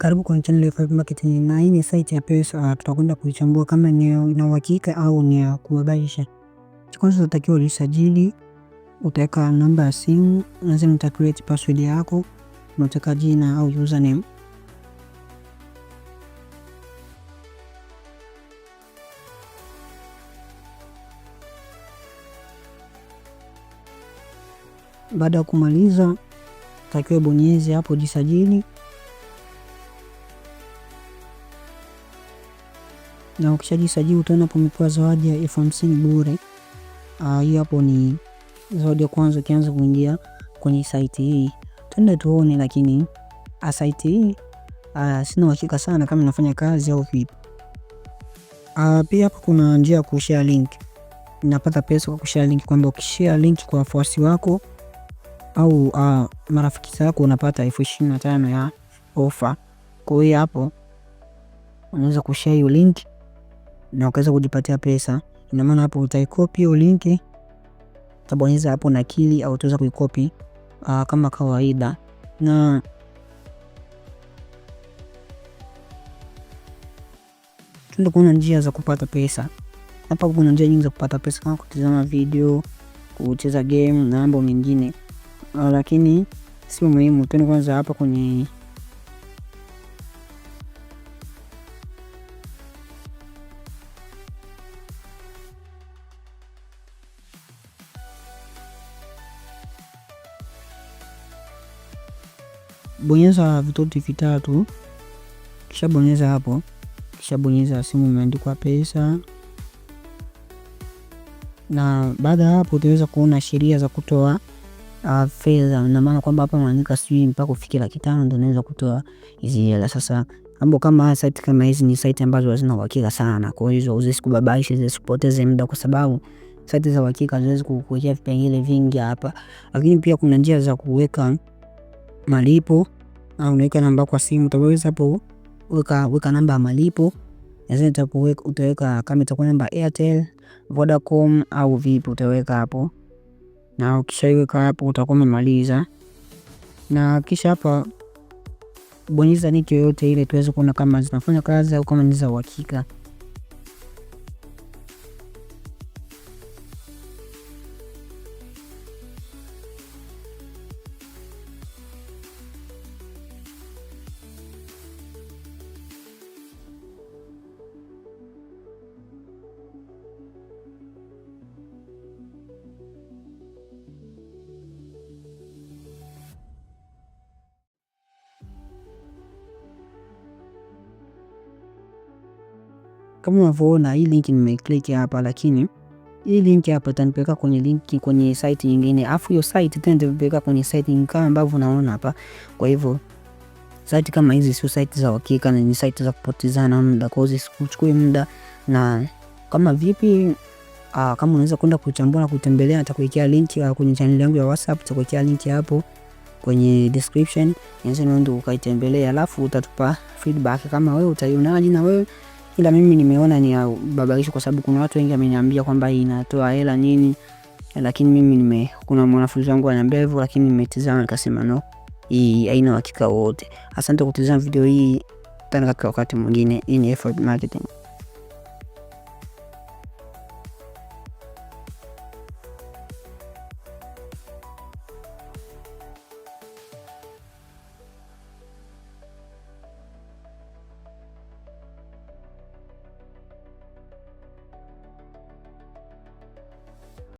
Karibu kwenye channel ya Five Market na hii ni site ya pesa, ah, tutakwenda kuichambua kama ni ina uhakika au ni ya kubabaisha. Kwanza utatakiwa ujisajili, utaweka namba ya simu, lazima uta create password yako, utaweka jina au username. Baada ya kumaliza, utakiwa bonyeze hapo jisajili. na ukishajisajili utaona hapo umepewa zawadi ya elfu hamsini bure. Ah, hiyo hapo ni zawadi ya kwanza. Ukianza kuingia kwenye site hii, tuende tuone, lakini ah, site hii ah, sina uhakika sana kama inafanya kazi au vipi. Pia hapo kuna njia ya kushare link, napata pesa kwa kushare link, kwamba ukishare link kwa wafuasi wako au uh, marafiki zako unapata elfu ishirini na tano ya ofa. Kwa hiyo hapo unaweza kushare hiyo link na ukaweza kujipatia pesa. Ina maana hapo utaikopi hiyo link, utabonyeza hapo nakili, au utaweza kuikopi ah, kama kawaida na tuende kuna njia za kupata pesa. Hapa kuna njia nyingi za kupata pesa kama kutazama video, kucheza game na mambo mengine, ah, lakini sio muhimu. Tuende kwanza hapa kwenye bonyeza vitoti vitatu, kisha bonyeza hapo, kisha bonyeza simu imeandikwa pesa, na baada ya hapo utaweza kuona sheria za kutoa uh, fedha. Na maana kwamba hapa maandika sijui mpaka kufikia laki tano ndio unaweza kutoa hizi hela. Sasa mambo kama site kama hizi ni site ambazo hazina uhakika sana, kwa hiyo usizikubabaishe, usipoteze muda kwa sababu site za uhakika haziwezi kukuwekea vipengele vingi hapa, lakini pia kuna njia za kuweka malipo au unaweka namba kwa simu, utaweza hapo weka weka namba ya malipo utaweka kama itakuwa namba Airtel, Vodacom au vipi, utaweka hapo na ukishaiweka hapo utakuwa umemaliza, na kisha hapa bonyeza niki yoyote ile tuweze kuona kama zinafanya kazi au kama ni za uhakika. Kama unavyoona hii link nimeclick hapa, lakini hii link hapa itanipeleka kwenye link kwenye site nyingine, afu hiyo site tena itanipeleka kwenye site nyingine kama ambavyo unaona hapa. Kwa hivyo site kama hizi sio site za uhakika, ni site za kupotezana muda, kwa hiyo zisichukue muda. Na kama vipi, aa, ah, kama unaweza kwenda kuchambua na kutembelea, nitakuwekea link ah, kwenye channel yangu ya WhatsApp, nitakuwekea link hapo kwenye description, unaweza ndio ukaitembelea, alafu utatupa feedback kama wewe utaionaje na wewe ila mimi nimeona ni babaisho, kwa sababu kuna watu wengi wameniambia kwamba inatoa hela nini, lakini mimi nime, kuna mwanafunzi wangu ananiambia hivyo, lakini nimetizama nikasema no, hii haina uhakika wote Asante kutizama video hii, tena katika wakati mwingine. Hii ni Effort marketing.